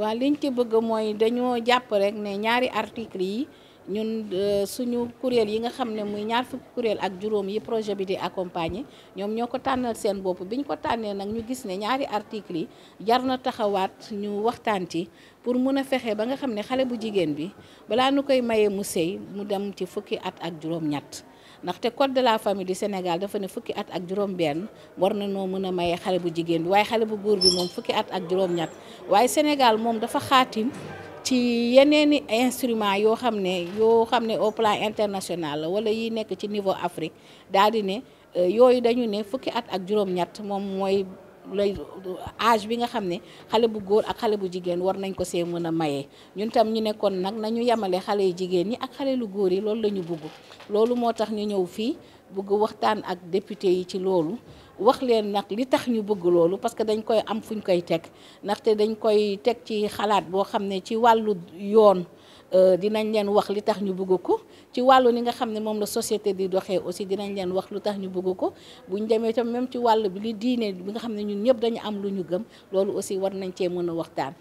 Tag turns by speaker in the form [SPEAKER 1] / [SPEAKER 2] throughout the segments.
[SPEAKER 1] waa liñ ci bëgg mooy dañoo jàpp rek ne ñaari article yi ñun euh, suñu kuréel yi nga xam ne muy ñaar fukki kuréel ak juróom yi projet bi di accompagner ñoom ñoo ko tànnal seen bopp bi ñu ko tànnee nag ñu gis ne ñaari article yi jar na taxawaat ñu waxtaan ci pour mun a fexe ba nga xam ne xale bu jigéen bi balaa nu koy mayee mu sëy mu dem ci fukki at ak juróom-ñett ndaxte code de la famille du Sénégal dafa ne fukki at ak juróom-benn war na noo mën a mayee xale bu jigéen bi waaye xale bu góor bi moom fukki at ak juróom ci yeneeni instrument yoo xam ne yoo xam ne au plan international la wala yi nekk ci niveau Afrique daal di ne euh, yooyu dañu ne fukki at ak juróom-ñett moom mooy lay âge bi nga xam ne xale bu góor ak xale bu jigéen war nañ ko see mën a maye ñun tam ñu nekkoon nag nañu yemale xale yu jigéen ñi ak xale lu góor yi loolu la ñu bugg loolu moo tax ñu ñëw fii bugg waxtaan ak député yi ci loolu wax leen nag li tax ñu bugg loolu parce que dañ koy am fu ñu koy teg ndaxte dañ koy teg ci xalaat boo xam ne ci wàllu yoon Euh, dinañ leen wax li tax ñu bugg ko ci wàllu ni nga xam ne moom la société di doxee aussi dinañ leen wax lu tax ñu bugg ko buñ demee tam même ci wàll bi li diine bi nga xam ne ñun ñëpp dañu am lu ñu gëm loolu aussi war nañ cee mën a waxtaan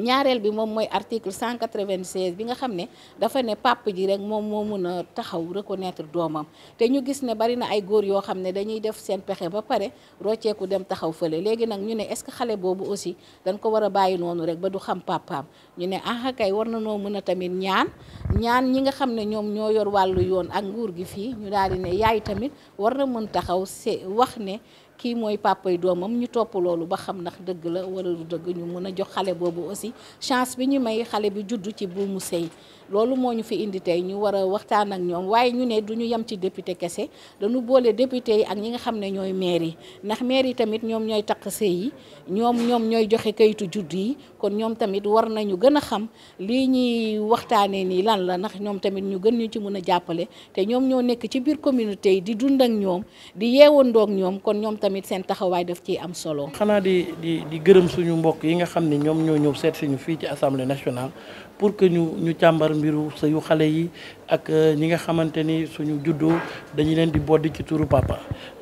[SPEAKER 1] ñaareel bi moom mooy article 196 bi nga xam ne dafa ne pàpp ji rek moom moo mun a taxaw reconnaître doomam te ñu gis ne bari na ay góor yoo xam ne dañuy def seen pexe ba pare rocceeku dem taxaw fële léegi nag ñu ne est-ce que xale boobu aussi dañ ko war a bàyyi noonu rek ba du xam pàppaam ñu ne ah kay war na noo mën a tamit ñaan ñaan ñi nga xam ne ñoom ñoo yor wàllu yoon ak nguur gi fii ñu daal di ne yaay tamit war na mën taxaw se wax ne kii mooy papay doomam ñu topp loolu ba xam ndax dëgg la wala dëgg ñu mun a jox xale boobu aussi chance bi ñu may xale bi juddu ci mu sëy loolu moo ñu fi indi tey ñu war a waxtaan ak ñoom waaye ñu ne duñu ñu yem ci député kese dañu boole député yi ak ñi nga xam ne ñooy maire yi ndax maire yi tamit ñoom ñooy takk sëy yi ñoom ñoom ñooy joxe kayitu judd yi kon ñoom tamit war nañu gën a xam lii ñuy waxtaanee nii lan la ndax ñoom tamit ñu gën ñu ci mën a jàppale te ñoom ñoo nekk ci biir communauté yi di dund ak ñoom di yeewandoog ñoom kon ñoom tamit seen taxawaay daf ciy am solo.
[SPEAKER 2] xanaa di di di gërëm suñu mbokk yi nga xam ne ñoom ñoo ñëw seet si ñu fii ci assemblée nationale pour que ñu càmbar mbiru sëyu xale yi ak euh, ñi nga xamante ni suñu juddoo dañu leen di bodd ci turu papa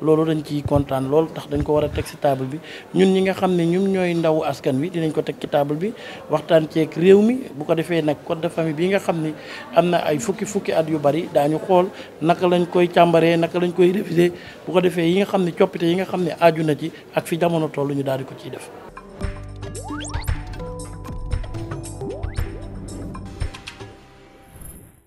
[SPEAKER 2] loolu dañ ciy kontaan lool tax dañ ko war a teg ci table bi ñun ñi nga xam ne ñun ñooy ndaw askan wi dinañ ko teg ci table bi waxtaan ceeg réew mi bu ko defee nag code de famille bi nga xam ni am na ay fukki fukki at yu bari daa ñu xool naka lañ koy càmbaree naka lañ koy réviser bu ko defee yi nga xam ne coppite yi nga xam ne aaju na ci ak fi jamono toll ñu daal di ko ciy def